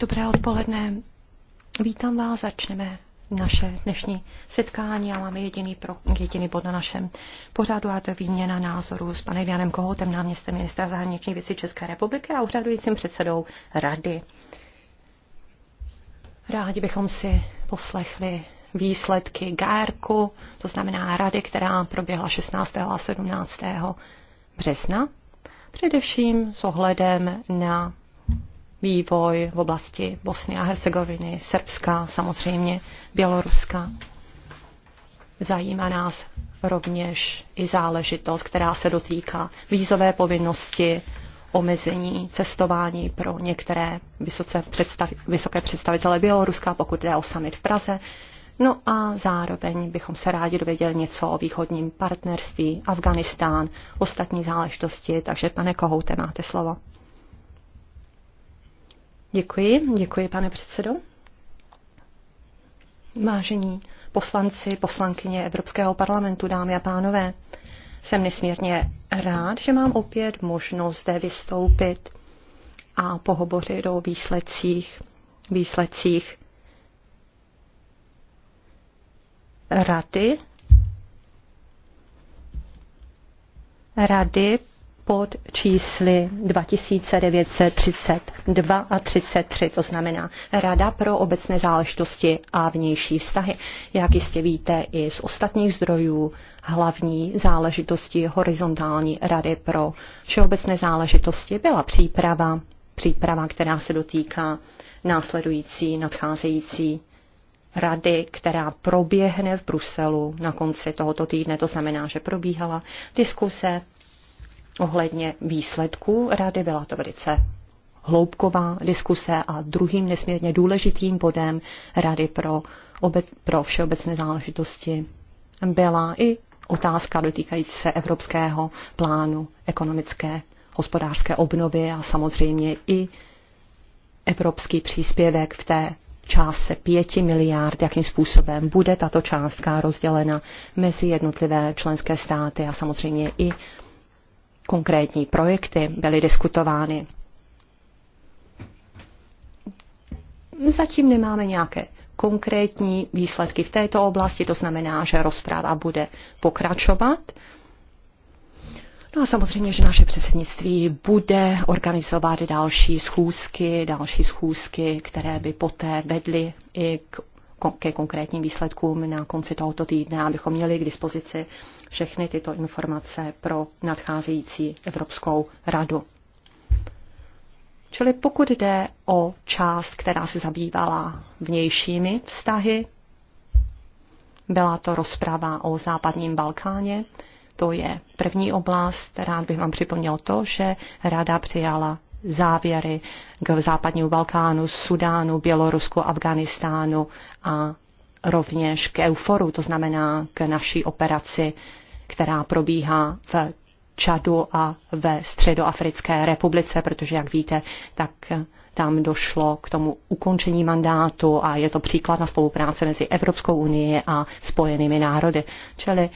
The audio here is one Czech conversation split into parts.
Dobré odpoledne. Vítám vás, začneme naše dnešní setkání a máme jediný, pro, jediný bod na našem pořadu a to je výměna názorů s panem Janem Kohoutem, náměstem ministra zahraničních věcí České republiky a úřadujícím předsedou rady. Rádi bychom si poslechli výsledky GRK, to znamená rady, která proběhla 16. a 17. března především s ohledem na vývoj v oblasti Bosny a Hercegoviny, Srbska, samozřejmě Běloruska. Zajímá nás rovněž i záležitost, která se dotýká vízové povinnosti, omezení cestování pro některé vysoce představ, vysoké představitele Běloruska, pokud jde o summit v Praze. No a zároveň bychom se rádi dověděli něco o východním partnerství, Afganistán, ostatní záležitosti, takže pane Kohoute, máte slovo. Děkuji, děkuji pane předsedo. Vážení poslanci, poslankyně Evropského parlamentu, dámy a pánové, jsem nesmírně rád, že mám opět možnost zde vystoupit a pohovořit o výsledcích, výsledcích rady, rady pod čísly 2932 a 33, to znamená Rada pro obecné záležitosti a vnější vztahy. Jak jistě víte i z ostatních zdrojů, hlavní záležitosti horizontální Rady pro všeobecné záležitosti byla příprava, příprava, která se dotýká následující, nadcházející rady, která proběhne v Bruselu na konci tohoto týdne. To znamená, že probíhala diskuse ohledně výsledků rady. Byla to velice hloubková diskuse a druhým nesmírně důležitým bodem Rady pro, obec, pro všeobecné záležitosti byla i otázka dotýkající se Evropského plánu ekonomické hospodářské obnovy a samozřejmě i evropský příspěvek v té částce 5 miliard, jakým způsobem bude tato částka rozdělena mezi jednotlivé členské státy a samozřejmě i konkrétní projekty byly diskutovány. Zatím nemáme nějaké konkrétní výsledky v této oblasti, to znamená, že rozpráva bude pokračovat No a samozřejmě, že naše předsednictví bude organizovat další schůzky, další schůzky, které by poté vedly i k, ke konkrétním výsledkům na konci tohoto týdne, abychom měli k dispozici všechny tyto informace pro nadcházející Evropskou radu. Čili pokud jde o část, která se zabývala vnějšími vztahy, byla to rozprava o západním Balkáně, to je první oblast. Rád bych vám připomněl to, že Rada přijala závěry k západnímu Balkánu, Sudánu, Bělorusku, Afganistánu a rovněž k Euforu, to znamená k naší operaci, která probíhá v Čadu a ve Středoafrické republice, protože, jak víte, tak tam došlo k tomu ukončení mandátu a je to příklad na spolupráce mezi Evropskou unii a spojenými národy. Čili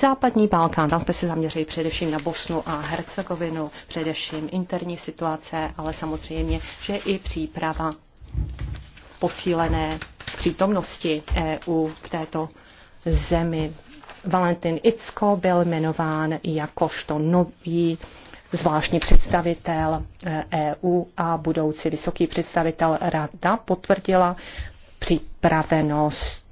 Západní Balkán, tam jsme se zaměřili především na Bosnu a Hercegovinu, především interní situace, ale samozřejmě, že i příprava posílené přítomnosti EU v této zemi. Valentin Icko byl jmenován jakožto nový zvláštní představitel EU a budoucí vysoký představitel Rada potvrdila připravenost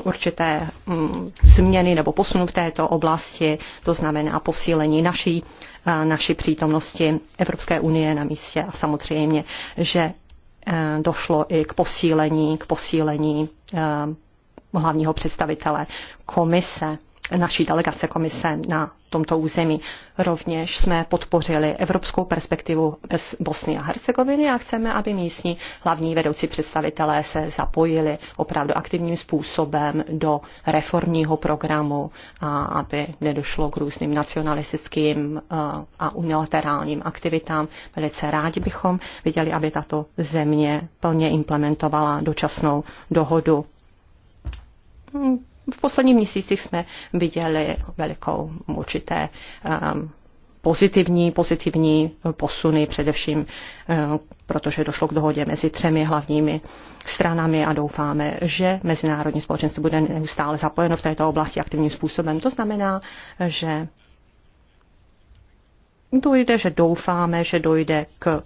určité mm, změny nebo posunu v této oblasti, to znamená posílení naší, eh, naší přítomnosti Evropské unie na místě a samozřejmě, že eh, došlo i k posílení, k posílení eh, hlavního představitele komise naší delegace komise na tomto území. Rovněž jsme podpořili evropskou perspektivu z Bosny a Hercegoviny a chceme, aby místní hlavní vedoucí představitelé se zapojili opravdu aktivním způsobem do reformního programu a aby nedošlo k různým nacionalistickým eh, a unilaterálním aktivitám. Velice rádi bychom viděli, aby tato země plně implementovala dočasnou dohodu v posledních měsících jsme viděli velikou určité um, pozitivní, pozitivní posuny, především um, protože došlo k dohodě mezi třemi hlavními stranami a doufáme, že mezinárodní společenství bude neustále zapojeno v této oblasti aktivním způsobem. To znamená, že dojde, že doufáme, že dojde k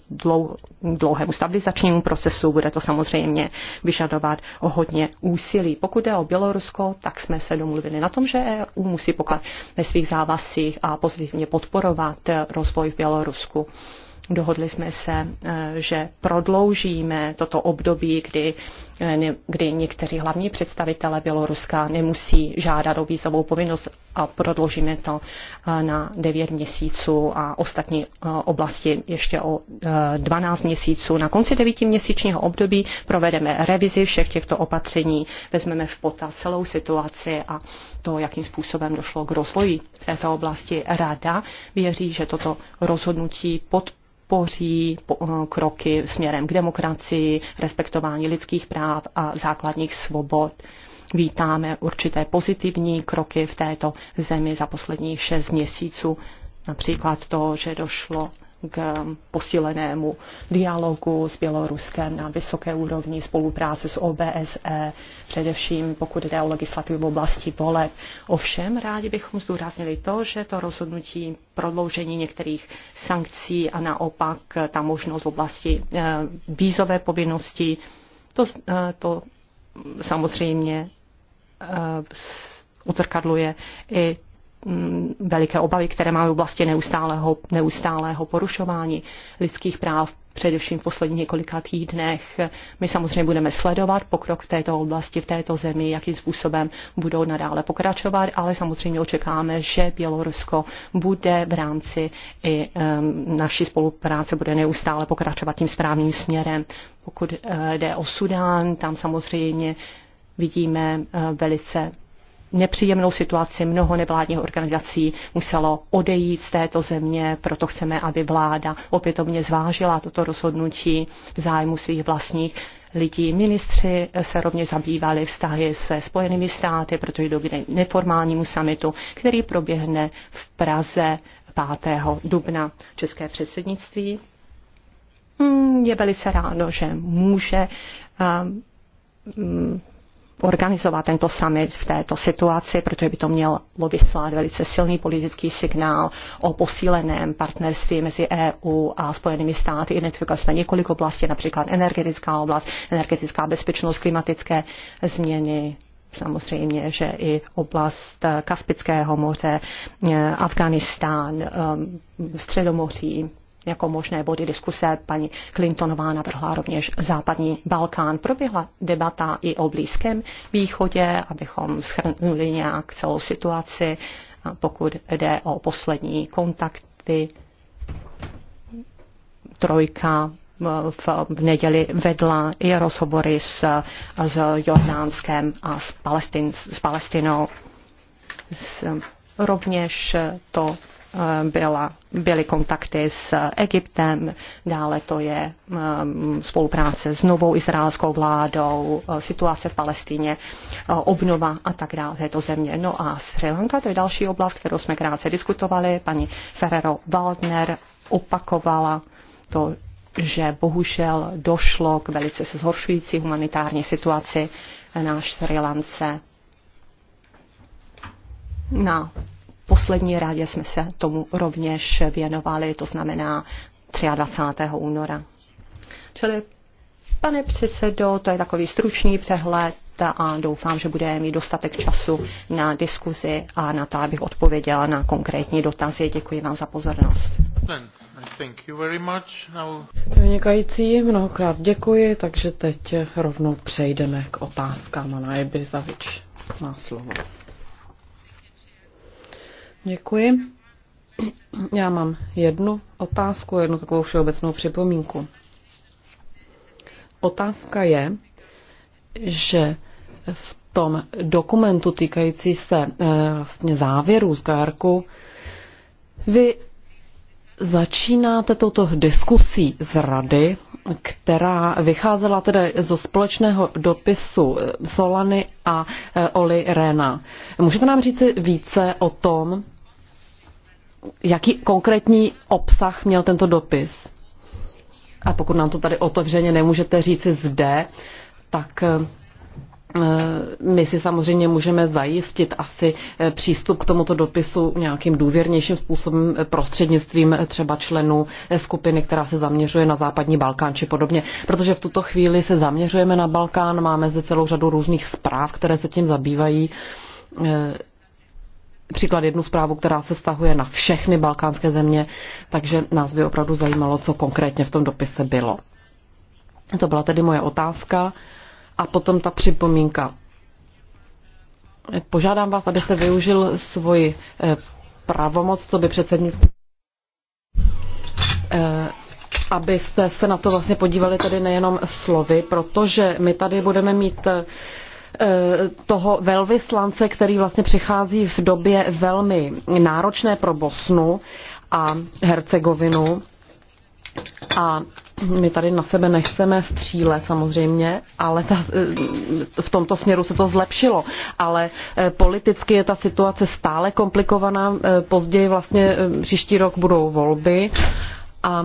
dlouhému stabilizačnímu procesu. Bude to samozřejmě vyžadovat hodně úsilí. Pokud jde o Bělorusko, tak jsme se domluvili na tom, že EU musí pokládat ve svých závazcích a pozitivně podporovat rozvoj v Bělorusku. Dohodli jsme se, e, že prodloužíme toto období, kdy kdy někteří hlavní představitelé Běloruska nemusí žádat o vízovou povinnost a prodloužíme to eh, na 9 měsíců a ostatní eh, oblasti ještě o 12 eh, měsíců. Na konci 9 měsíčního období provedeme revizi všech těchto opatření, vezmeme v potaz celou situaci a to, jakým způsobem došlo k rozvoji této oblasti. Rada věří, že toto rozhodnutí pod podpoří eh, kroky směrem k demokracii, respektování lidských práv a základních svobod. Vítáme určité pozitivní kroky v této zemi za posledních šest měsíců, například to, že došlo k posílenému dialogu s Běloruskem na vysoké úrovni spolupráce s OBSE, především pokud jde o legislativu v oblasti voleb. Ovšem, rádi bychom zdůraznili to, že to rozhodnutí prodloužení některých sankcí a naopak ta možnost v oblasti eh, vízové povinnosti, to, eh, to samozřejmě eh, odzrkadluje i Mm, veliké obavy, které máme v oblasti neustálého, neustálého porušování lidských práv, především v posledních několika týdnech. My samozřejmě budeme sledovat pokrok v této oblasti, v této zemi, jakým způsobem budou nadále pokračovat, ale samozřejmě očekáme, že Bělorusko bude v rámci i um, naší spolupráce bude neustále pokračovat tím správným směrem. Pokud uh, jde o Sudán, tam samozřejmě vidíme uh, velice nepříjemnou situaci. Mnoho nevládních organizací muselo odejít z této země, proto chceme, aby vláda opětovně zvážila toto rozhodnutí v zájmu svých vlastních lidí. Ministři se rovně zabývali vztahy se Spojenými státy, protože do neformálnímu samitu, který proběhne v Praze 5. dubna České předsednictví. Hm, je velice ráno, že může eh, hm, organizovat tento summit v této situaci, protože by to mělo vyslat velice silný politický signál o posíleném partnerství mezi EU a Spojenými státy. Identifikovali jsme několik oblastí, například energetická oblast, energetická bezpečnost, klimatické změny, samozřejmě, že i oblast Kaspického moře, Afganistán, um, Středomoří, jako možné body diskuse. Paní Clintonová navrhla rovněž západní Balkán. Proběhla debata i o Blízkém východě, abychom schrnuli nějak celou situaci, pokud jde o poslední kontakty. Trojka v neděli vedla i rozhovory s, s Jordánskem a s, Palestin, s Palestinou. S, rovněž to Eh, byla, byly kontakty s Egyptem, dále to je eh, spolupráce s novou izraelskou vládou, eh, situace v Palestíně, obnova a tak dále této země. No a Sri Lanka, to je další oblast, kterou jsme krátce diskutovali. Paní Ferrero Waldner opakovala to, že bohužel došlo k velice se zhoršující humanitární situaci na Sri Lance. Na poslední rádě jsme se tomu rovněž věnovali, to znamená 23. února. Čili, pane předsedo, to je takový stručný přehled a doufám, že bude mít dostatek času na diskuzi a na to, abych odpověděla na konkrétní dotazy. Děkuji vám za pozornost. Vynikající, mnohokrát děkuji, takže teď rovnou přejdeme k otázkám. Ana Ibizavič má slovo. Děkuji. Já mám jednu otázku, jednu takovou všeobecnou připomínku. Otázka je, že v tom dokumentu týkající se eh, vlastně závěrů z Gárku, vy začínáte touto diskusí z rady, která vycházela tedy zo společného dopisu eh, Solany a eh, Oli Rena. Můžete nám říci více o tom, jaký konkrétní obsah měl tento dopis. A pokud nám to tady otevřeně nemůžete říci zde, tak eh, my si samozřejmě můžeme zajistit asi eh, přístup k tomuto dopisu nějakým důvěrnějším způsobem eh, prostřednictvím třeba členů skupiny, která se zaměřuje na západní Balkán či podobně. Protože v tuto chvíli se zaměřujeme na Balkán, máme zde celou řadu různých zpráv, které se tím zabývají příklad jednu zprávu, která se stahuje na všechny balkánské země, takže nás by opravdu zajímalo, co konkrétně v tom dopise bylo. To byla tedy moje otázka. A potom ta připomínka. Požádám vás, abyste využil svoji eh, pravomoc, co by předsednictví eh, abyste se na to vlastně podívali tedy nejenom slovy, protože my tady budeme mít eh, Eh, toho velvyslance, který vlastně přichází v době velmi náročné pro Bosnu a Hercegovinu. A my tady na sebe nechceme střílet samozřejmě, ale ta, eh, v tomto směru se to zlepšilo. Ale eh, politicky je ta situace stále komplikovaná. Později vlastně příští rok budou volby a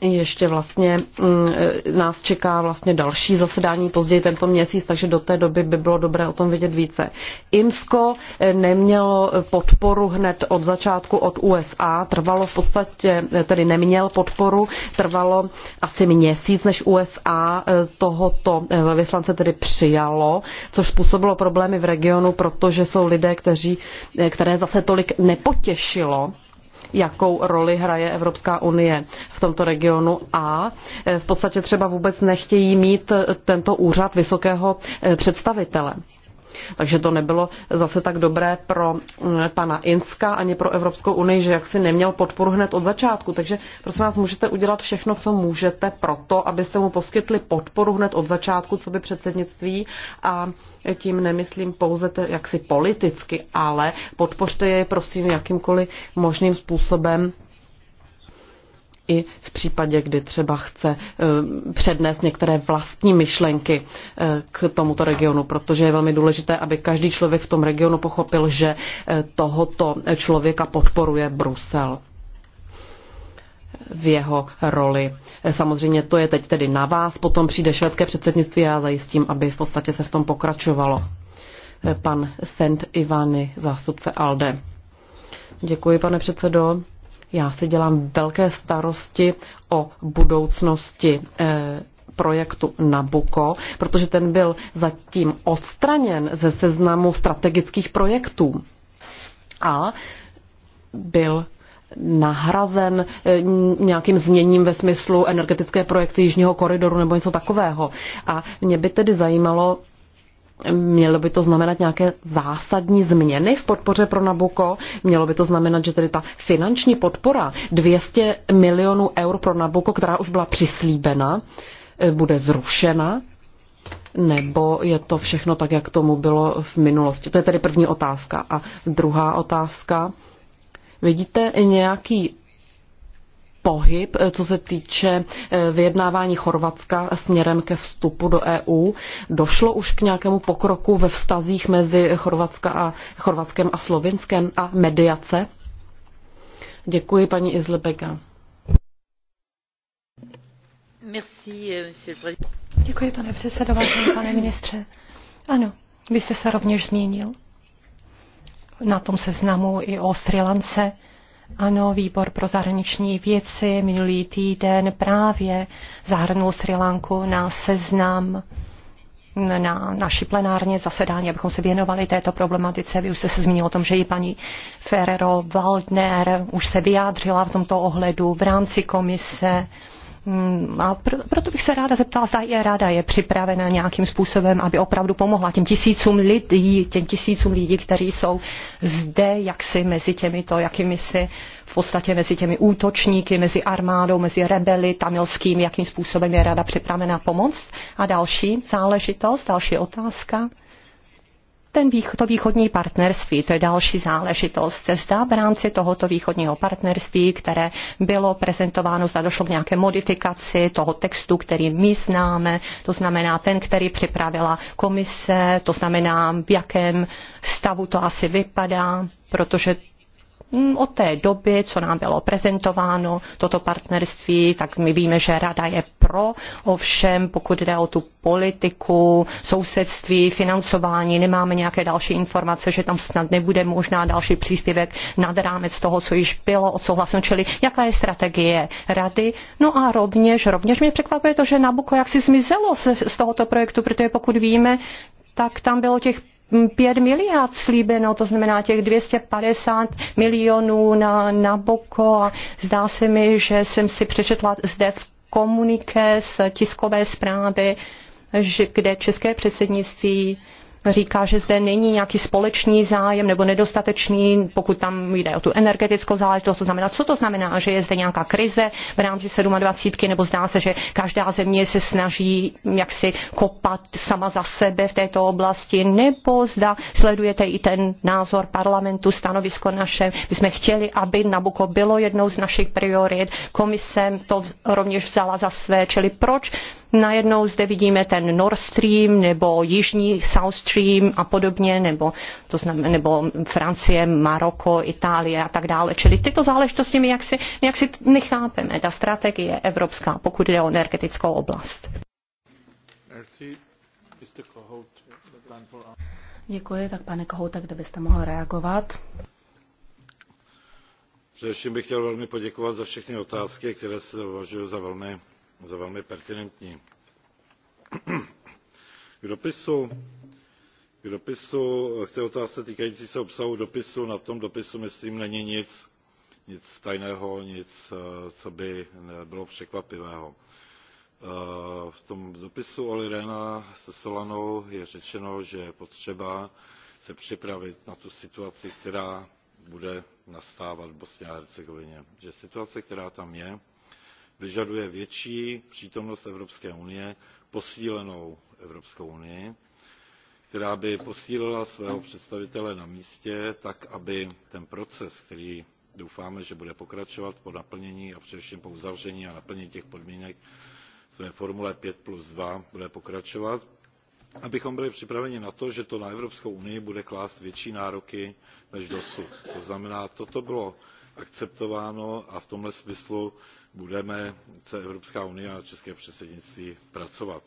ještě vlastně mm, e, nás čeká vlastně další zasedání později tento měsíc, takže do té doby by bylo dobré o tom vědět více. IMSCO e, nemělo podporu hned od začátku od USA, trvalo v podstatě, e, tedy neměl podporu, trvalo asi měsíc, než USA tohoto vyslance tedy přijalo, což způsobilo problémy v regionu, protože jsou lidé, kteří, které zase tolik nepotěšilo jakou roli hraje Evropská unie v tomto regionu a e, v podstatě třeba vůbec nechtějí mít tento úřad vysokého e, představitele. Takže to nebylo zase tak dobré pro mm, pana Inska ani pro Evropskou unii, že jaksi neměl podporu hned od začátku. Takže prosím vás, můžete udělat všechno, co můžete pro to, abyste mu poskytli podporu hned od začátku, co by předsednictví a tím nemyslím pouze to jaksi politicky, ale podpořte je prosím jakýmkoliv možným způsobem i v případě, kdy třeba chce eh, přednést některé vlastní myšlenky eh, k tomuto regionu, protože je velmi důležité, aby každý člověk v tom regionu pochopil, že eh, tohoto člověka podporuje Brusel v jeho roli. Samozřejmě to je teď tedy na vás, potom přijde švédské předsednictví a já zajistím, aby v podstatě se v tom pokračovalo. Pan Sent Ivany, zástupce ALDE. Děkuji, pane předsedo. Já si dělám velké starosti o budoucnosti eh, projektu Nabuko, protože ten byl zatím odstraněn ze seznamu strategických projektů a byl nahrazen eh, nějakým změním ve smyslu energetické projekty Jižního koridoru nebo něco takového. A mě by tedy zajímalo, Mělo by to znamenat nějaké zásadní změny v podpoře pro Nabuko? Mělo by to znamenat, že tedy ta finanční podpora 200 milionů eur pro Nabuko, která už byla přislíbena, eh, bude zrušena? Nebo je to všechno tak, jak tomu bylo v minulosti? To je tedy první otázka. A druhá otázka. Vidíte nějaký pohyb, eh, co se týče eh, vyjednávání Chorvatska směrem ke vstupu do EU. Došlo už k nějakému pokroku ve vztazích mezi Chorvatska a, Chorvatskem a Slovinskem a mediace? Děkuji, paní Izlebega. Eh, Děkuji, pane předsedo, pane ministře. Ano, vy jste se rovněž zmínil na tom seznamu i o Sri Lance ano, výbor pro zahraniční věci minulý týden právě zahrnul Sri Lanku na seznam na naší plenárně zasedání, abychom se věnovali této problematice. Vy už jste se zmínil o tom, že i paní Ferrero Waldner už se vyjádřila v tomto ohledu v rámci komise a proto bych se ráda zeptala, zda je ráda je připravena nějakým způsobem, aby opravdu pomohla těm tisícům lidí, těm tisícům lidí, kteří jsou zde jaksi mezi těmi to, jakými si v podstatě mezi těmi útočníky, mezi armádou, mezi rebeli tamilským, jakým způsobem je ráda připravena pomoc A další záležitost, další otázka ten vých, to východní partnerství, to je další záležitost. Zda v rámci tohoto východního partnerství, které bylo prezentováno, zda došlo k nějaké modifikaci toho textu, který my známe, to znamená ten, který připravila komise, to znamená v jakém stavu to asi vypadá, protože Mm, od té doby, co nám bylo prezentováno toto partnerství, tak my víme, že rada je pro, ovšem pokud jde o tu politiku, sousedství, financování, nemáme nějaké další informace, že tam snad nebude možná další příspěvek nad rámec toho, co již bylo odsouhlaseno, čili jaká je strategie rady. No a rovněž, rovněž mě překvapuje to, že Nabuko jaksi zmizelo z, z tohoto projektu, protože pokud víme, tak tam bylo těch 5 miliard slíbeno, to znamená těch 250 milionů na Boko a zdá se mi, že jsem si přečetla zde v komuniké z tiskové zprávy, že, kde české předsednictví říká, že zde není nějaký společný zájem nebo nedostatečný, pokud tam jde o tu energetickou záležitost. To znamená, co to znamená, že je zde nějaká krize v rámci 27, nebo zdá se, že každá země se snaží jaksi kopat sama za sebe v této oblasti, nebo zda sledujete i ten názor parlamentu, stanovisko naše. My jsme chtěli, aby Nabuko bylo jednou z našich priorit. Komise to rovněž vzala za své, čili proč najednou zde vidíme ten Nord Stream nebo Jižní South Stream a podobně, nebo, to znamená, nebo Francie, Maroko, Itálie a tak dále. Čili tyto záležitosti my jaksi, my jaksi nechápeme. Ta strategie je evropská, pokud jde o energetickou oblast. Děkuji. Tak pane Kohoutek, kde byste mohl reagovat? Především bych chtěl velmi poděkovat za všechny otázky, které se považuji za velmi za velmi pertinentní. K dopisu, k té otázce týkající se obsahu dopisu, na tom dopisu, myslím, není nic, nic tajného, nic, eh, co by bylo překvapivého. Eh, v tom dopisu Oli Rehna se Solanou je řečeno, že je potřeba se připravit na tu situaci, která bude nastávat v Bosně a Hercegovině. Že situace, která tam je, vyžaduje větší přítomnost evropské unie posílenou evropskou unii která by posílila svého představitele na místě tak aby ten proces který doufáme že bude pokračovat po naplnění a především po uzavření a naplnění těch podmínek ve formule five bude pokračovat abychom byli připraveni na to že to na evropskou unii bude klást větší nároky než dosud. to znamená toto bylo akceptováno a v tomhle smyslu budeme Evropská unie a České předsednictví pracovat.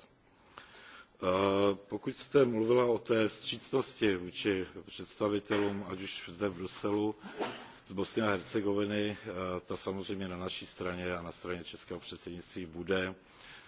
Eh, pokud jste mluvila o té vstřícnosti vůči představitelům, ať už zde v Bruselu, z Bosny a Hercegoviny, eh, ta samozřejmě na naší straně a na straně Českého předsednictví bude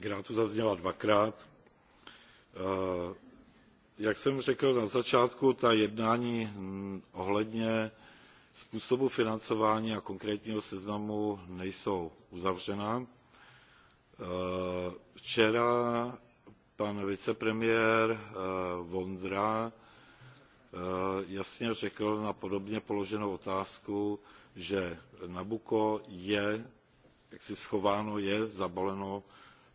která tu zazněla dvakrát. Eh, jak jsem řekl na začátku, ta jednání ohledně způsobu financování a konkrétního seznamu nejsou uzavřená. Eh, včera pan vicepremiér eh, Vondra jasně řekl na podobně položenou otázku, že Nabuko je jaksi schováno, je zabaleno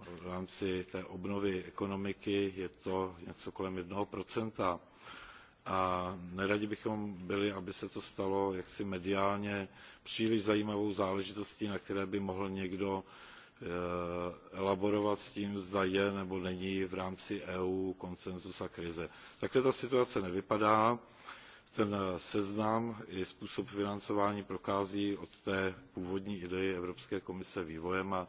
v rámci té obnovy ekonomiky je to něco kolem jednoho procenta a neradi bychom byli aby se to stalo jaksi mediálně příliš zajímavou záležitostí na které by mohl někdo e, elaborovat s tím zda je nebo není v rámci eu konsenzus a krize. takhle ta situace nevypadá ten seznam i způsob financování prochází od té původní ideje evropské komise vývojem a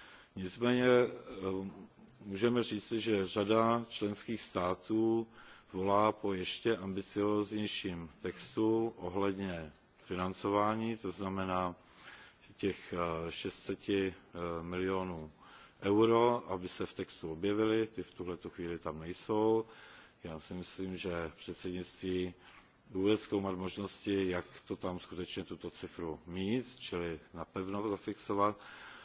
nicméně eh, můžeme říci že řada členských států volá po ještě ambicióznějším textu ohledně financování to znamená těch eh, six hundred eh, milionů eur aby se v textu objevily ty v tu chvíli tam nejsou. já si myslím že předsednictví bude zkoumat možnosti jak to tam skutečně tuto cifru mít čili napevno zafixovat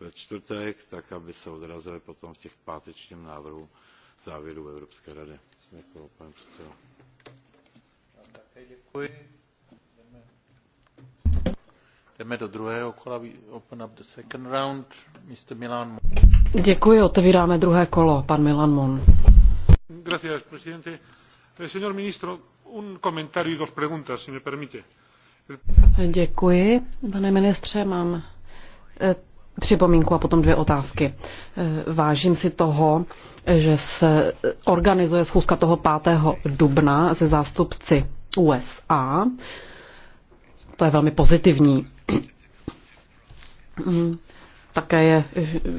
ve čtvrtek, tak aby se odrazily potom v těch pátečním návrhu závěrů Evropské rady. Děkuji, jako, pane předsedo. děkuji. Jdeme, do druhého kola. open up the second round. Mr. Milan Mon. Děkuji, otevíráme druhé kolo. Pan Milan Mon. Gracias, presidente. Eh, señor ministro, un comentario y dos preguntas, si me permite. Děkuji, pane ministře, mám eh, připomínku a potom dvě otázky. Eh, vážím si toho, že se organizuje schůzka toho 5. dubna se zástupci USA. To je velmi pozitivní. Také je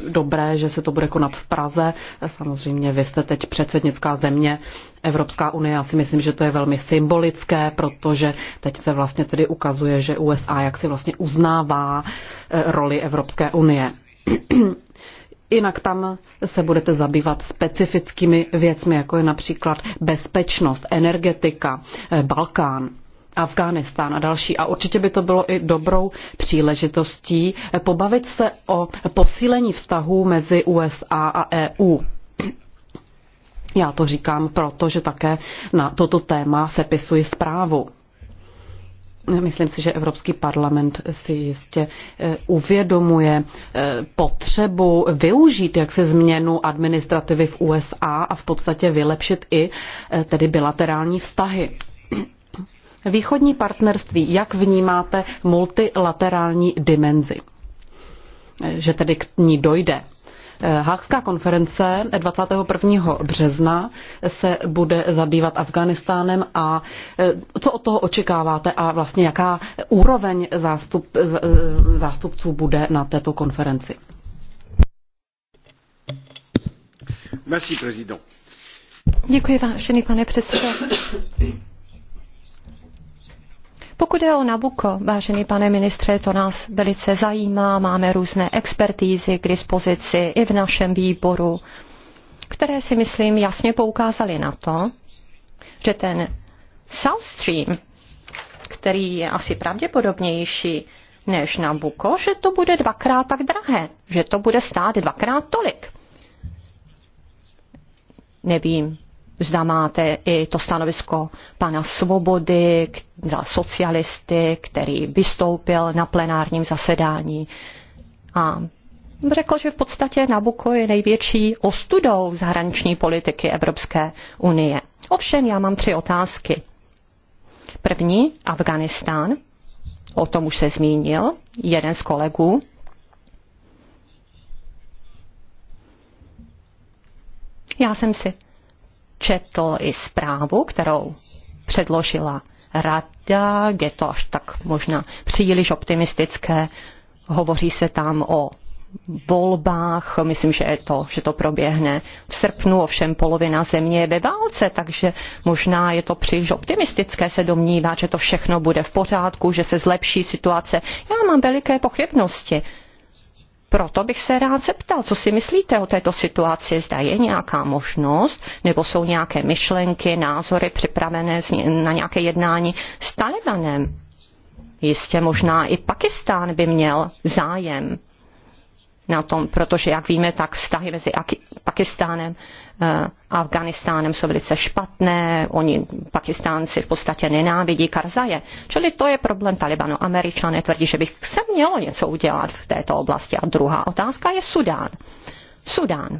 dobré, že se to bude konat v Praze. Samozřejmě vy jste teď předsednická země Evropská unie. Já si myslím, že to je velmi symbolické, protože teď se vlastně tedy ukazuje, že USA jak si vlastně uznává eh, roli Evropské unie. Jinak tam se budete zabývat specifickými věcmi, jako je například bezpečnost, energetika, eh, Balkán. Afghánistán a další. A určitě by to bylo i dobrou příležitostí pobavit se o posílení vztahů mezi USA a EU. Já to říkám proto, že také na toto téma sepisuji zprávu. Myslím si, že Evropský parlament si jistě e, uvědomuje e, potřebu využít jaksi změnu administrativy v USA a v podstatě vylepšit i e, tedy bilaterální vztahy. Východní partnerství, jak vnímáte multilaterální dimenzi? Že tedy k ní dojde. Hákská konference 21. března se bude zabývat Afganistánem a e, co od toho očekáváte a vlastně jaká úroveň zástup, e, zástupců bude na této konferenci? Merci, Děkuji vážený pane předsedo. Pokud je o Nabuko, vážený pane ministře, to nás velice zajímá, máme různé expertízy k dispozici i v našem výboru, které si myslím jasně poukázaly na to, že ten South Stream, který je asi pravděpodobnější než Nabuko, že to bude dvakrát tak drahé, že to bude stát dvakrát tolik. Nevím, zda máte i to stanovisko pana Svobody za socialisty, který vystoupil na plenárním zasedání a řekl, že v podstatě Nabuko je největší ostudou zahraniční politiky Evropské unie. Ovšem, já mám tři otázky. První, Afganistán. O tom už se zmínil jeden z kolegů. Já jsem si četl i zprávu, kterou předložila rada, je to až tak možná příliš optimistické, hovoří se tam o volbách, myslím, že, je to, že to proběhne v srpnu, ovšem polovina země je ve válce, takže možná je to příliš optimistické se domnívat, že to všechno bude v pořádku, že se zlepší situace. Já mám veliké pochybnosti proto bych se rád zeptal, co si myslíte o této situaci. Zda je nějaká možnost, nebo jsou nějaké myšlenky, názory připravené na nějaké jednání s Talibanem. Jistě možná i Pakistán by měl zájem na tom, protože, jak víme, tak vztahy mezi Pakistánem a eh, Afganistánem jsou velice špatné, oni Pakistánci v podstatě nenávidí Karzaje. Čili to je problém Talibanu. Američané tvrdí, že bych se mělo něco udělat v této oblasti. A druhá otázka je Sudán. Sudán.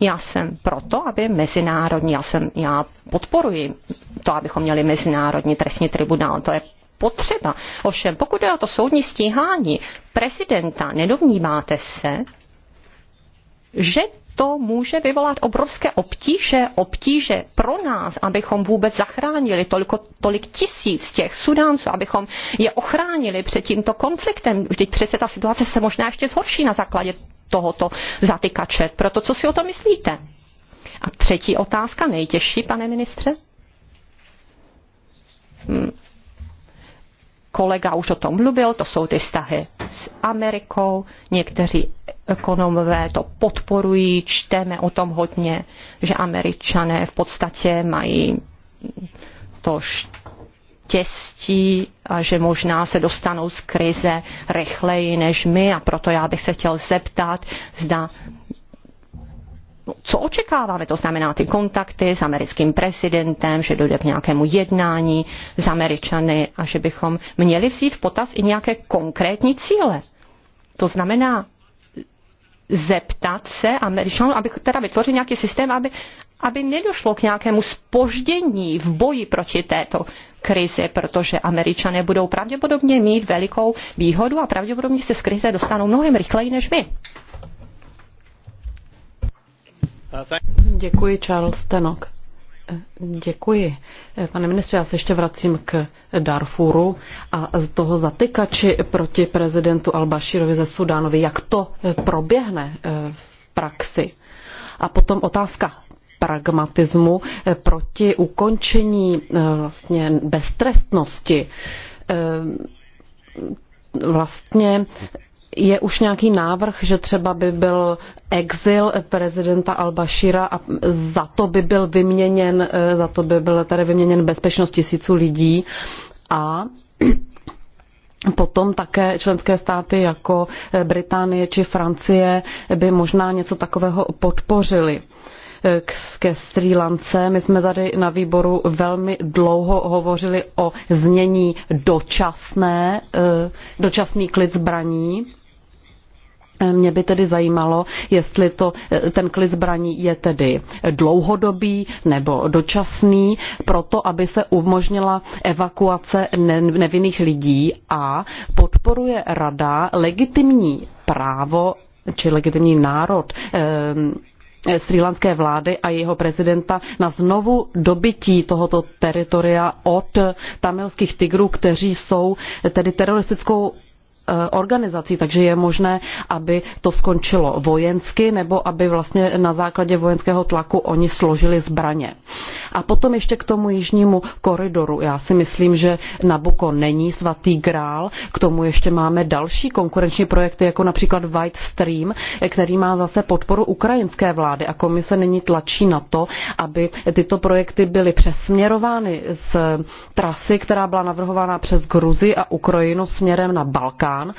Já jsem proto, aby mezinárodní, já, jsem, já podporuji to, abychom měli mezinárodní trestní tribunál. To je potřeba. Ovšem, pokud je o to soudní stíhání prezidenta, nedomníváte se, že to může vyvolat obrovské obtíže, obtíže pro nás, abychom vůbec zachránili toliko, tolik tisíc těch sudánců, abychom je ochránili před tímto konfliktem. Vždyť přece ta situace se možná ještě zhorší na základě tohoto zatykače. Proto co si o to myslíte? A třetí otázka, nejtěžší, pane ministře? Hmm kolega už o tom mluvil, to jsou ty vztahy s Amerikou, někteří ekonomové to podporují, čteme o tom hodně, že američané v podstatě mají to štěstí a že možná se dostanou z krize rychleji než my a proto já bych se chtěl zeptat, zda no, co očekáváme, to znamená ty kontakty s americkým prezidentem, že dojde k nějakému jednání s Američany a že bychom měli vzít v potaz i nějaké konkrétní cíle. To znamená zeptat se Američanů, aby teda vytvořil nějaký systém, aby, aby nedošlo k nějakému spoždění v boji proti této krizi, protože Američané budou pravděpodobně mít velikou výhodu a pravděpodobně se z krize dostanou mnohem rychleji než my. Děkuji, Charles Tenok. Děkuji. Pane ministře, já se ještě vracím k Darfuru a z toho zatykači proti prezidentu Al-Bashirovi ze Sudánovi. Jak to proběhne v praxi? A potom otázka pragmatismu proti ukončení eh, vlastně beztrestnosti. Eh, vlastně je už nějaký návrh, že třeba by byl exil prezidenta Al-Bashira a za to by byl vyměněn, eh, za to by byl tady vyměněn bezpečnost tisíců lidí a Potom také členské státy jako eh, Británie či Francie by možná něco takového podpořili k, ke Sri Lance. My jsme tady na výboru velmi dlouho hovořili o znění dočasné, eh, dočasný klid zbraní. Eh, mě by tedy zajímalo, jestli to, eh, ten klid zbraní je tedy dlouhodobý nebo dočasný, proto aby se umožnila evakuace nevinných lidí a podporuje rada legitimní právo či legitimní národ Eh, srílanské vlády a jeho prezidenta na znovu dobytí tohoto teritoria od tamilských tigrů, kteří jsou eh, tedy teroristickou Eh, organizací, takže je možné, aby to skončilo vojensky nebo aby vlastně na základě vojenského tlaku oni složili zbraně. A potom ještě k tomu jižnímu koridoru. Já si myslím, že Nabuko není svatý grál, k tomu ještě máme další konkurenční projekty, jako například White Stream, který má zase podporu ukrajinské vlády a komise není tlačí na to, aby tyto projekty byly přesměrovány z trasy, která byla navrhována přes Gruzi a Ukrajinu směrem na Balkán plán.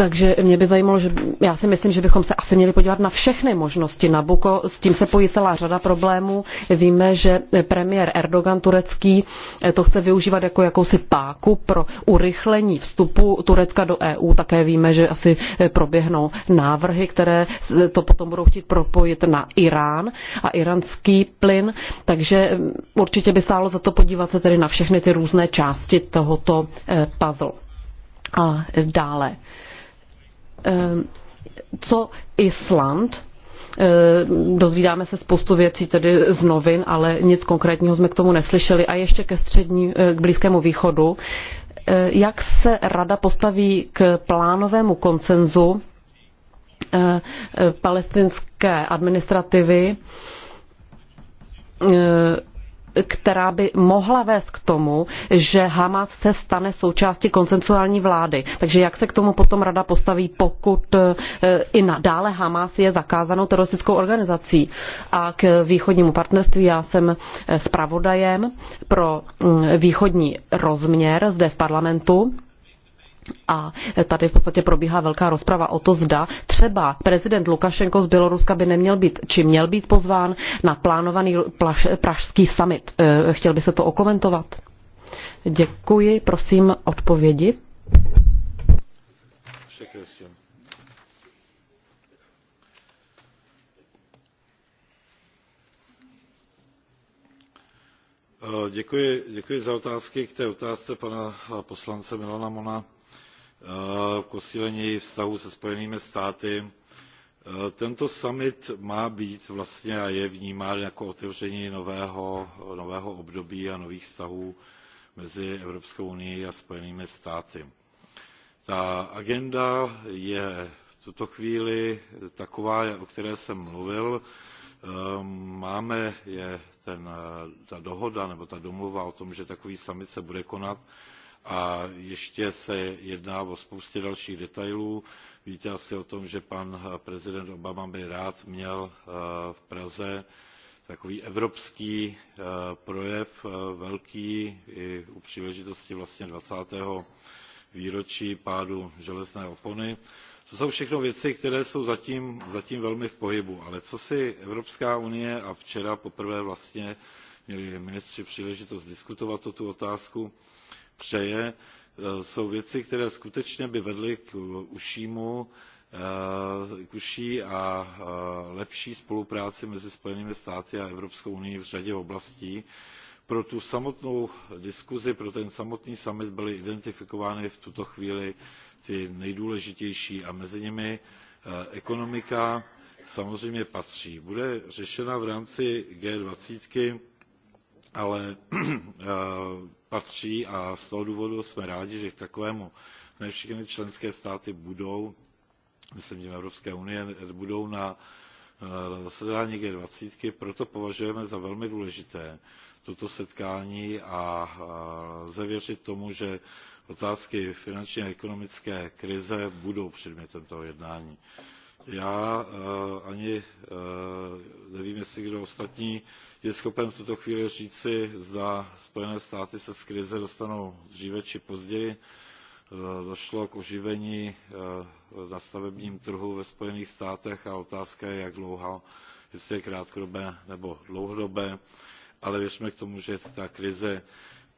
Takže mě by zajímalo, že já si myslím, že bychom se asi měli podívat na všechny možnosti. Nabuko, s tím se pojí celá řada problémů. Víme, že premiér Erdogan turecký eh, to chce využívat jako jakousi páku pro urychlení vstupu Turecka do EU. Také víme, že asi eh, proběhnou návrhy, které eh, to potom budou chtít propojit na Irán a iránský plyn. Takže mm, určitě by stálo za to podívat se tedy na všechny ty různé části tohoto puzzle. A dále. Ehm, co Island? Ehm, dozvídáme se spoustu věcí tedy z novin, ale nic konkrétního jsme k tomu neslyšeli. A ještě ke střední, eh, k Blízkému východu. Ehm, jak se rada postaví k plánovému koncenzu eh, palestinské administrativy která by mohla vést k tomu, že Hamas se stane součástí koncensuální vlády. Takže jak se k tomu potom rada postaví, pokud e, i nadále Hamas je zakázanou teroristickou organizací. A k východnímu partnerství já jsem e, zpravodajem pro východní rozměr zde v parlamentu. A tady v podstatě probíhá velká rozprava o to, zda třeba prezident Lukašenko z Běloruska by neměl být, či měl být pozván na plánovaný pražský summit. Eh, chtěl by se to okomentovat? Děkuji, prosím odpovědi. Eh, děkuji, děkuji za otázky k té otázce pana poslance Milana Mona Eh, k posílení vztahu se spojenými státy. Eh, tento summit má být vlastně a je vnímán jako otevření nového, nového období a nových vztahů mezi evropskou unií a spojenými státy. ta agenda je v tuto chvíli taková o které jsem mluvil eh, máme je ten, ta dohoda nebo ta domluva o tom že takový summit se bude konat a ještě se jedná o spoustě dalších detailů. Víte asi o tom, že pan prezident Obama by rád měl eh, v Praze takový evropský eh, projev eh, velký i u příležitosti vlastně 20. výročí pádu železné opony. To jsou všechno věci, které jsou zatím, zatím velmi v pohybu, ale co si Evropská unie a včera poprvé vlastně měli ministři příležitost diskutovat o tu otázku, přeje e, jsou věci které skutečně by vedly k užšímu e, k užší a e, lepší spolupráci mezi spojenými státy a evropskou unií v řadě oblastí. pro tu samotnou diskusi pro ten samotný summit byly identifikovány v tuto chvíli ty nejdůležitější a mezi nimi ekonomika samozřejmě patří. bude řešena v rámci g twenty ale eh, patří a z toho důvodu jsme rádi, že k takovému ne všechny členské státy budou, myslím, tím Evropské unie, budou na eh, zasedání G20, proto považujeme za velmi důležité toto setkání a lze eh, věřit tomu, že otázky finanční a ekonomické krize budou předmětem toho jednání. Já eh, ani eh, nevím, jestli kdo ostatní je schopen v tuto chvíli říci, zda Spojené státy se z krize dostanou dříve či později. Eh, došlo k oživení na stavebním trhu ve Spojených státech a otázka je, jak dlouho, jestli je krátkodobé nebo dlouhodobé, ale věřme k tomu, že ta krize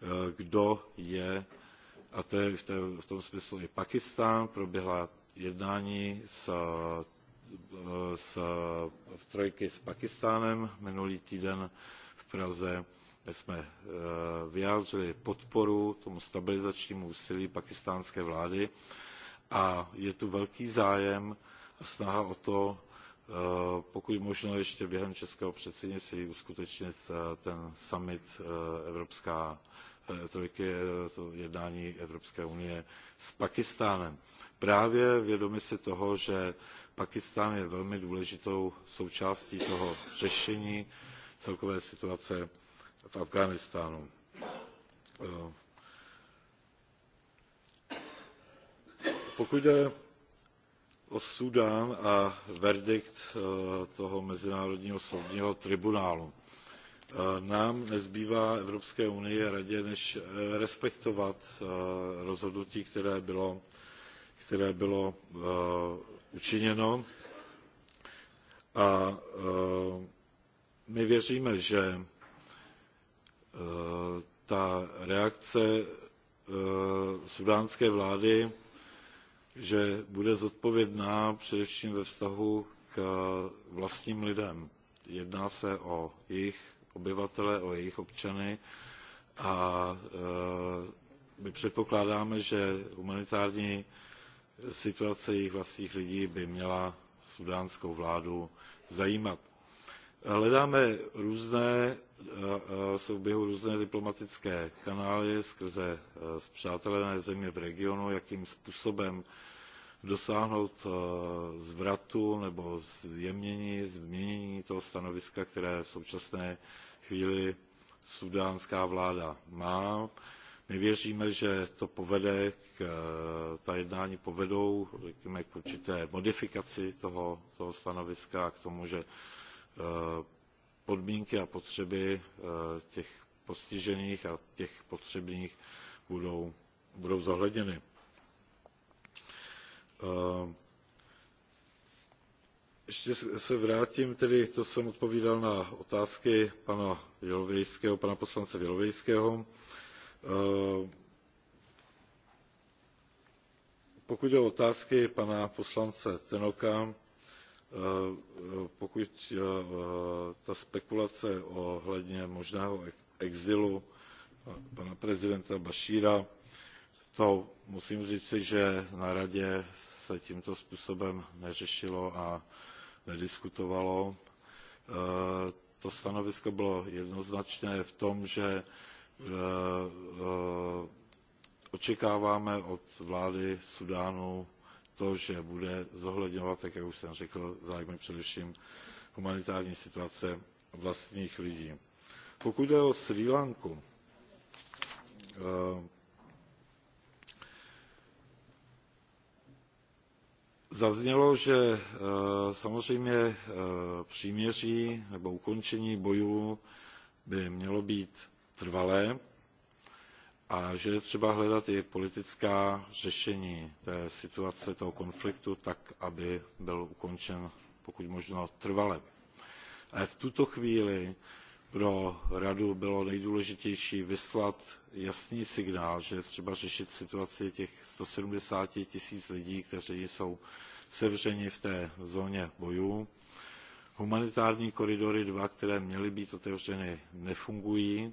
Eh, kdo je a to je v, té, v tom smyslu i Pakistán. Proběhla jednání s, eh, s, v trojky s Pakistánem minulý týden v Praze, kde jsme eh, vyjádřili podporu tomu stabilizačnímu úsilí pakistánské vlády a je tu velký zájem a snaha o to Eh, pokud možno ještě během českého předsednictví uskutečnit eh, ten summit eh, evropská trojky to jednání evropské unie s pákistánem právě vědomi si toho že pákistán je velmi důležitou součástí toho řešení celkové situace v afghánistánu. pokud jde súdán a verdikt eh, toho mezinárodního soudního tribunálu. Eh, nám nezbývá evropské unii a radě než eh, respektovat rozhodnutí které bylo, které bylo učiněno a my věříme že ta reakce súdánské vlády že bude zodpovědná především ve vztahu k vlastním lidem. Jedná se o jejich obyvatele, o jejich občany a e, my předpokládáme, že humanitární situace jejich vlastních lidí by měla sudánskou vládu zajímat. Hledáme různé, eh, eh, jsou v běhu různé diplomatické kanály skrze eh, zpřátelené země v regionu, jakým způsobem dosáhnout zvratu nebo zjemnění, změnění toho stanoviska, které v současné chvíli sudánská vláda má. My věříme, že to povede, k, ta jednání povedou řekněme, k určité modifikaci toho, toho stanoviska a k tomu, že Eh, podmínky a potřeby eh, těch postižených a těch potřebných budou, budou zohledněny. Eh, ještě se vrátím, tedy to jsem odpovídal na otázky pana, Vělovejského, pana poslance Vělovejského. Pokud je o otázky pana poslance Tenoka, Eh, pokud eh, ta spekulace ohledně možného exilu eh, pana prezidenta Bašíra, to musím říci, že na radě se tímto způsobem neřešilo a nediskutovalo. To stanovisko bylo jednoznačné v tom, že očekáváme od vlády Sudánu to, že bude zohledňovat, tak jak už jsem řekl, zájmy především humanitární situace vlastních lidí. Pokud jde o Sri Lanku, eh, Zaznělo, že eh, samozřejmě eh, příměří nebo ukončení bojů by mělo být trvalé a že je třeba hledat i politická řešení té situace toho konfliktu tak aby byl ukončen pokud možno trvale. ale v tuto chvíli pro radu bylo nejdůležitější vyslat jasný signál že je třeba řešit situaci těch one hundred and seventy tisíc lidí kteří jsou sevřeni v té zóně bojů. humanitární koridory two které měly být otevřeny nefungují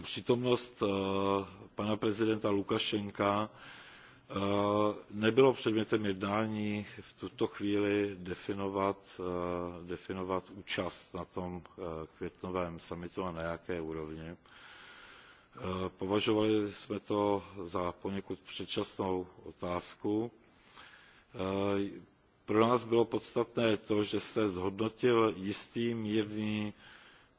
přítomnost eh, pana prezidenta lukašenka eh, nebylo předmětem jednání v tuto chvíli definovat, eh, definovat účast na tom květnovém summitu a na jaké úrovni. Považovali jsme to za poněkud předčasnou otázku. Pro nás bylo podstatné to, že se zhodnotil jistý mírný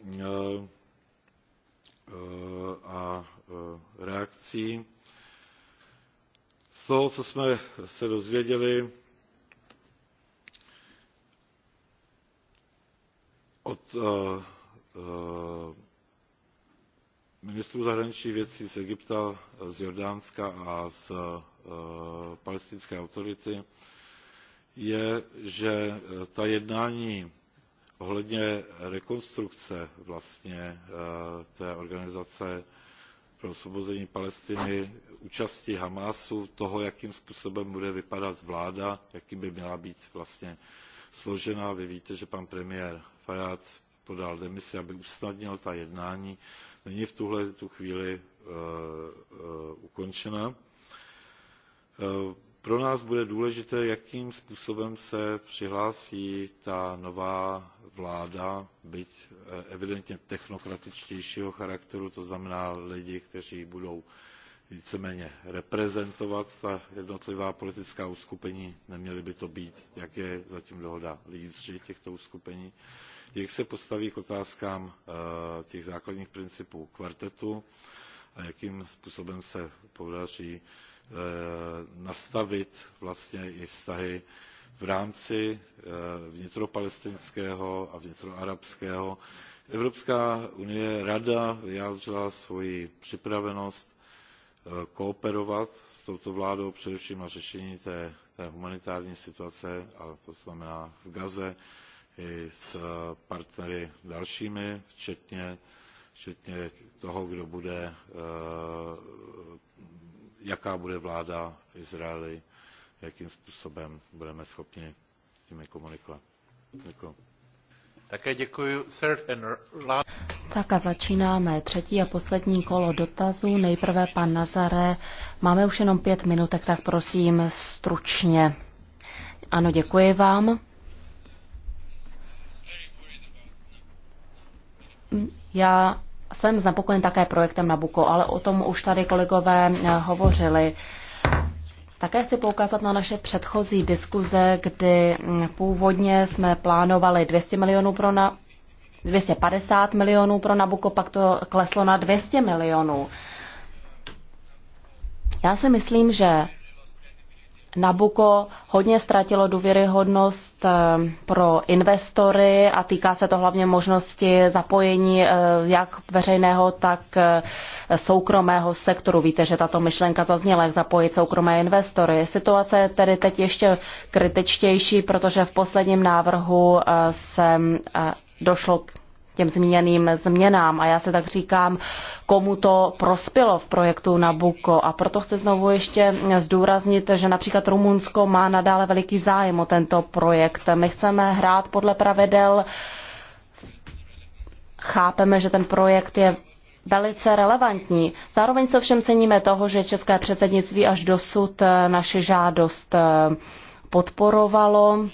Eh, eh, a eh, reakcí. Z toho, co jsme se dozvěděli od ministrů zahraničních věcí z Egypta, z Jordánska a z palestinské autority, je, že ta jednání ohledně rekonstrukce vlastně eh, té organizace pro osvobození Palestiny, účasti Hamásu, toho, jakým způsobem bude vypadat vláda, jakým by měla být vlastně složena. Vy víte, že pan premiér Fayad podal demisi, aby usnadnil ta jednání. Není v tuhle tu chvíli uh, uh, ukončena. Uh, pro nás bude důležité, jakým způsobem se přihlásí ta nová vláda, byť eh, evidentně technokratičtějšího charakteru, to znamená lidi, kteří budou víceméně reprezentovat ta jednotlivá politická uskupení, neměly by to být, jak je zatím dohoda lídři těchto uskupení, jak se postaví k otázkám eh, těch základních principů kvartetu a jakým způsobem se podaří eh, nastavit vlastně i vztahy v rámci eh, vnitropalestinského a vnitroarabského. Evropská unie rada vyjádřila svoji připravenost eh, kooperovat s touto vládou především na řešení té, té humanitární situace, a to znamená v Gaze, i s eh, partnery dalšími, včetně, včetně toho, kdo bude, jaká bude vláda v Izraeli jakým způsobem budeme schopni s nimi komunikovat. Děkuji. Také děkuji. Tak a začínáme třetí a poslední kolo dotazů. Nejprve pan Nazare. Máme už jenom pět minutek, tak prosím stručně. Ano, děkuji vám. Já jsem znepokojen také projektem Nabuko, ale o tom už tady kolegové eh, hovořili. Také chci poukázat na naše předchozí diskuze, kdy původně jsme plánovali 200 milionů pro na 250 milionů pro Nabuko, pak to kleslo na 200 milionů. Já si myslím, že Nabuko hodně ztratilo důvěryhodnost eh, pro investory a týká se to hlavně možnosti zapojení eh, jak veřejného, tak eh, soukromého sektoru. Víte, že tato myšlenka zazněla, jak zapojit soukromé investory. Situace je tedy teď ještě kritičtější, protože v posledním návrhu se došlo k těm zmíněným změnám. A já se tak říkám, komu to prospělo v projektu Nabuko. A proto chci znovu ještě zdůraznit, že například Rumunsko má nadále veliký zájem o tento projekt. My chceme hrát podle pravidel, chápeme, že ten projekt je velice relevantní. Zároveň se všem ceníme toho, že české předsednictví až dosud naši žádost podporovalo.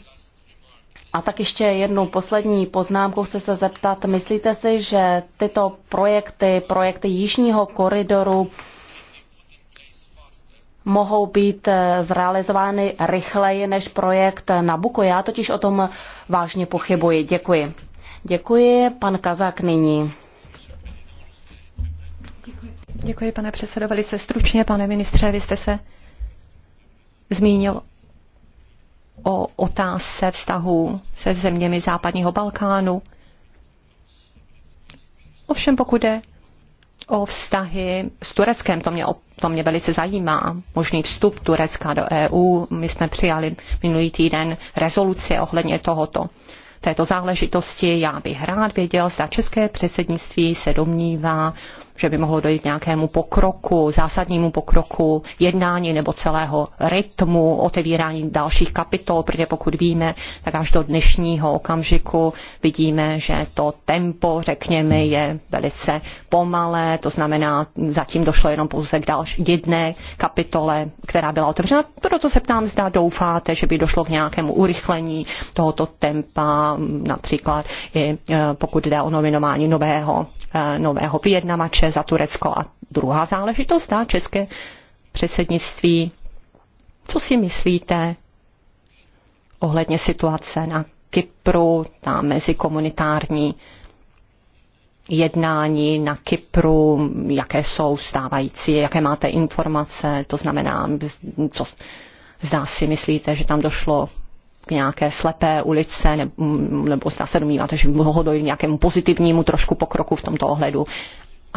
A tak ještě jednou poslední poznámku chci se zeptat. Myslíte si, že tyto projekty, projekty Jižního koridoru, mohou být eh, zrealizovány rychleji než projekt Nabuko? Já totiž o tom vážně pochybuji. Děkuji. Děkuji. Pan Kazák nyní. Děkuji, Děkuji pane předsedo. Velice stručně, pane ministře, vy jste se zmínil o otázce vztahu se zeměmi západního Balkánu. Ovšem pokud je o vztahy s Tureckem, to mě, to mě velice zajímá, možný vstup Turecka do EU. My jsme přijali minulý týden rezoluci ohledně tohoto této záležitosti. Já bych rád věděl, zda české předsednictví se domnívá že by mohlo dojít nějakému pokroku, zásadnímu pokroku jednání nebo celého rytmu, otevírání dalších kapitol, protože pokud víme, tak až do dnešního okamžiku vidíme, že to tempo, řekněme, je velice pomalé, to znamená, zatím došlo jenom pouze k další jedné kapitole, která byla otevřena. Proto se ptám, zda doufáte, že by došlo k nějakému urychlení tohoto tempa, například i eh, pokud jde o nominování nového, eh, nového vyjednavače také za Turecko. A druhá záležitost, na české předsednictví. Co si myslíte ohledně situace na Kypru, ta mezikomunitární jednání na Kypru, jaké jsou stávající, jaké máte informace, to znamená, co, zdá si myslíte, že tam došlo k nějaké slepé ulice, nebo, nebo zda se domníváte, že mohlo dojít k nějakému pozitivnímu trošku pokroku v tomto ohledu.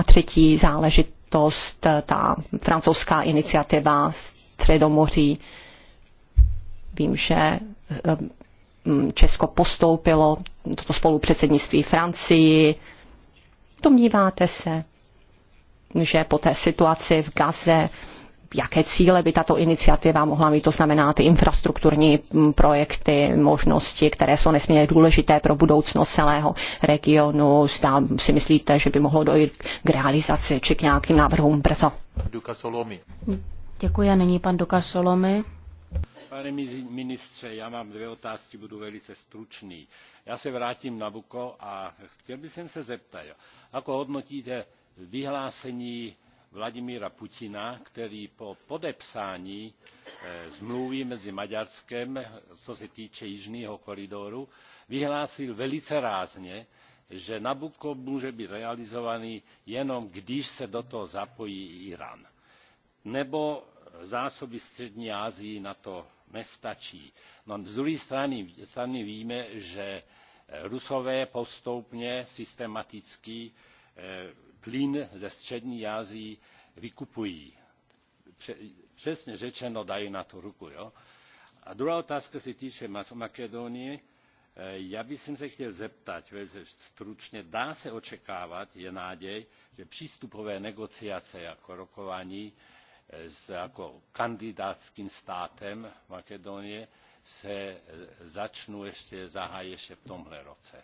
A třetí záležitost, eh, ta francouzská iniciativa Středomoří. Vím, že eh, Česko postoupilo toto spolupředsednictví Francii. Domníváte se, že po té situaci v Gaze jaké cíle by tato iniciativa mohla mít, to znamená ty infrastrukturní mm, projekty, možnosti, které jsou nesmírně důležité pro budoucnost celého regionu. Zda si myslíte, že by mohlo dojít k realizaci či k nějakým návrhům brzo? Duka Solomy. Děkuji a nyní pan Duka Solomy. Pane ministře, já mám dvě otázky, budu velice stručný. Já se vrátím na Buko a chtěl bych se zeptat, jako hodnotíte vyhlásení Vladimíra Putina, který po podepsání eh, zmluvy mezi Maďarskem, co se týče jižního koridoru, vyhlásil velice rázně, že Nabucco může být realizovaný jenom, když se do toho zapojí Irán. Nebo zásoby střední Asii na to nestačí. No, z druhé strany, strany víme, že eh, Rusové postupně systematicky eh, plyn ze střední asie vykupují. Přesně řečeno dají na to ruku. Jo? A druhá otázka se týče Makedonie. E, já bych se chtěl zeptat, velice stručně, dá se očekávat, je náděj, že přístupové negociace jako rokování e, s jako kandidátským státem Makedonie se e, začnou ještě, zahájí ještě v tomhle roce.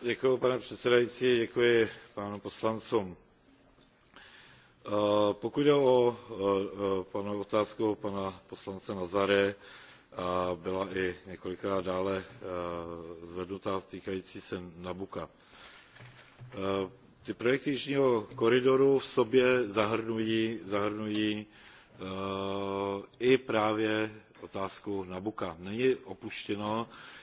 Děkuji, pane předsedající, děkuji pánům poslancům. Eh, pokud jde o panu eh, eh, otázku pana poslance Nazare, byla i několikrát dále zvednutá týkající se Nabuka. Ty projekty jižního koridoru v sobě zahrnují, i právě otázku Nabuka. Není opuštěno,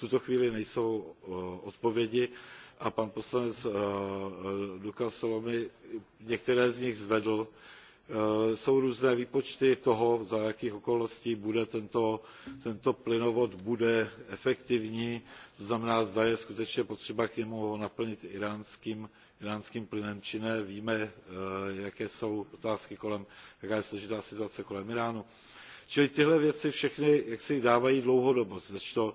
tuto chvíli nejsou eh, odpovědi a pan poslanec eh, eh, luca salomy některé z nich zvedl. jsou různé výpočty toho za jakých okolností bude tento, tento plynovod bude efektivní to znamená zda je skutečně potřeba k němu ho naplnit iránským íránským plynem či ne. víme jaké jsou otázky kolem jaká je složitá situace kolem íránu. čili tyhle věci všechny jaksi dávají dlouhodobost kdežto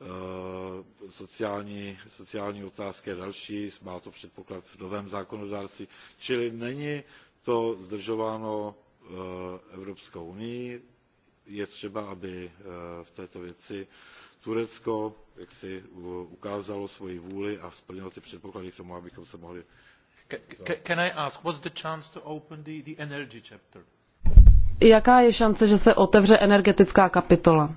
Eh, sociální, sociální otázky a další, má to předpoklad v novém zákonodárci, čili není to zdržováno eh, Evropskou unii, je třeba, aby eh, v této věci Turecko jaksi ukázalo svoji vůli a splnilo ty předpoklady k tomu, abychom se mohli Can I ask, what's the chance to open the, the energy chapter? Jaká je šance, že se otevře energetická kapitola?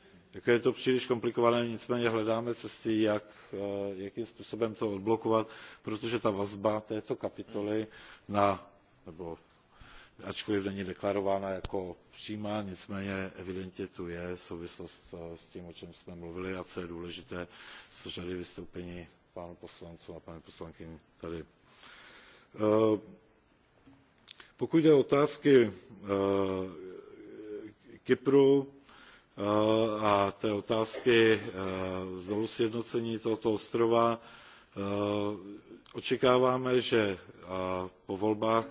jako je to příliš komplikované nicméně hledáme cesty jak, eh, jakým způsobem to odblokovat protože ta vazba této kapitoly na nebo ačkoliv není deklarována jako přímá nicméně evidentně tu je souvislost eh, s tím o čem jsme mluvili a co je důležité z řady vystoupení pánů poslanců a paní poslankyň tady. Eh, pokud jde o otázky kypru Eh, a té otázky eh, znovu sjednocení tohoto ostrova eh, očekáváme že po volbách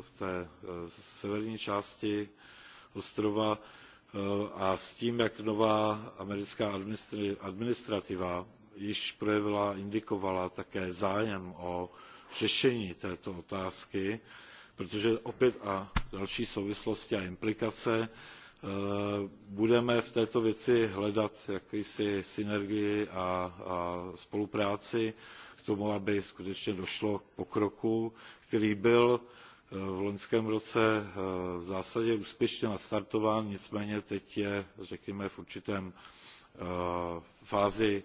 v té severní části ostrova a s tím jak nová americká administrativa již projevila a indikovala také zájem o řešení této otázky protože opět a další souvislosti a implikace Eh, budeme v této věci hledat jakousi synergii a, a spolupráci k tomu aby skutečně došlo k pokroku který byl eh, v loňském roce eh, v zásadě úspěšně nastartován nicméně teď je řekněme v určité fázi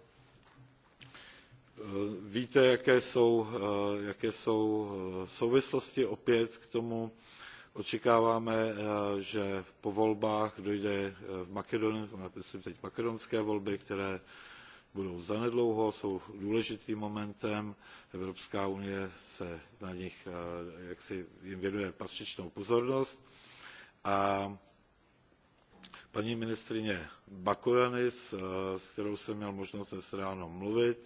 Eh, víte jaké jsou, eh, jaké jsou eh, souvislosti opět k tomu očekáváme že po volbách dojde v makedonii myslím teď makedonské volby které budou zanedlouho jsou důležitým momentem evropská unie se na nich jaksi jim věnuje patřičnou pozornost a paní ministryně bakoyannis s kterou jsem měl možnost dnes ráno mluvit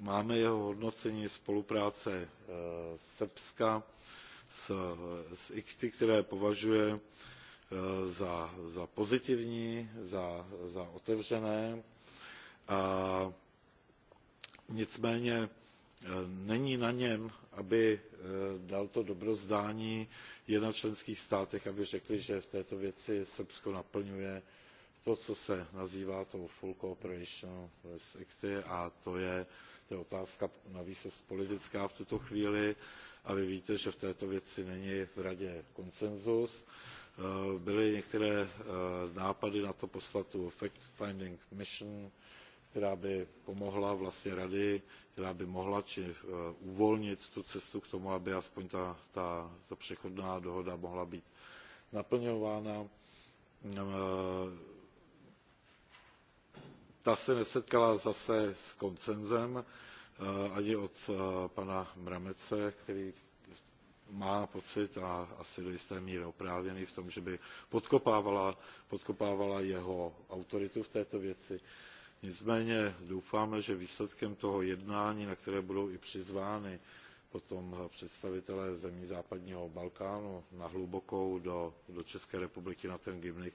máme jeho hodnocení spolupráce eh, srbska s, icty které považuje eh, za, pozitivní za, otevřené nicméně eh, není na něm aby dal to dobrozdání je na členských státech aby řekly že v této věci srbsko naplňuje to, co se nazývá tou full cooperation less acty a to je, to je otázka navýsost politická v tuto chvíli a vy víte, že v této věci není v radě konsenzus. Eh, byly některé eh, nápady na to poslat tu fact-finding mission, která by pomohla vlastně rady, která by mohla či eh, uvolnit tu cestu k tomu, aby aspoň ta, ta, ta přechodná dohoda mohla být naplňována ta se nesetkala zase s konsenzem eh, ani od eh, pana mramece který má pocit a asi do jisté míry oprávněný v tom že by podkopávala, jeho autoritu v této věci. nicméně doufáme že výsledkem toho jednání na které budou i přizváni potom představitelé zemí západního balkánu na hlubokou do, do české republiky na ten gymnich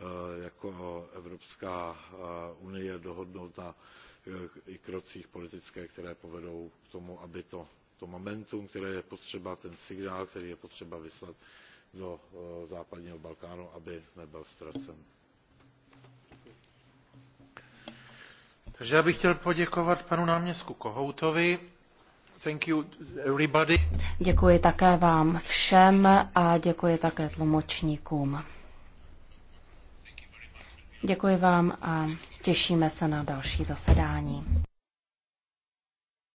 Eh, jako Evropská eh, unie dohodnout na eh, i krocích politické, které povedou k tomu, aby to, to momentum, které je potřeba, ten signál, který je potřeba vyslat do západního Balkánu, aby nebyl ztracen. Takže já bych chtěl poděkovat panu náměstku Kohoutovi. Thank you everybody. Děkuji také vám všem a děkuji také tlumočníkům. Děkuji vám a těšíme se na další zasedání.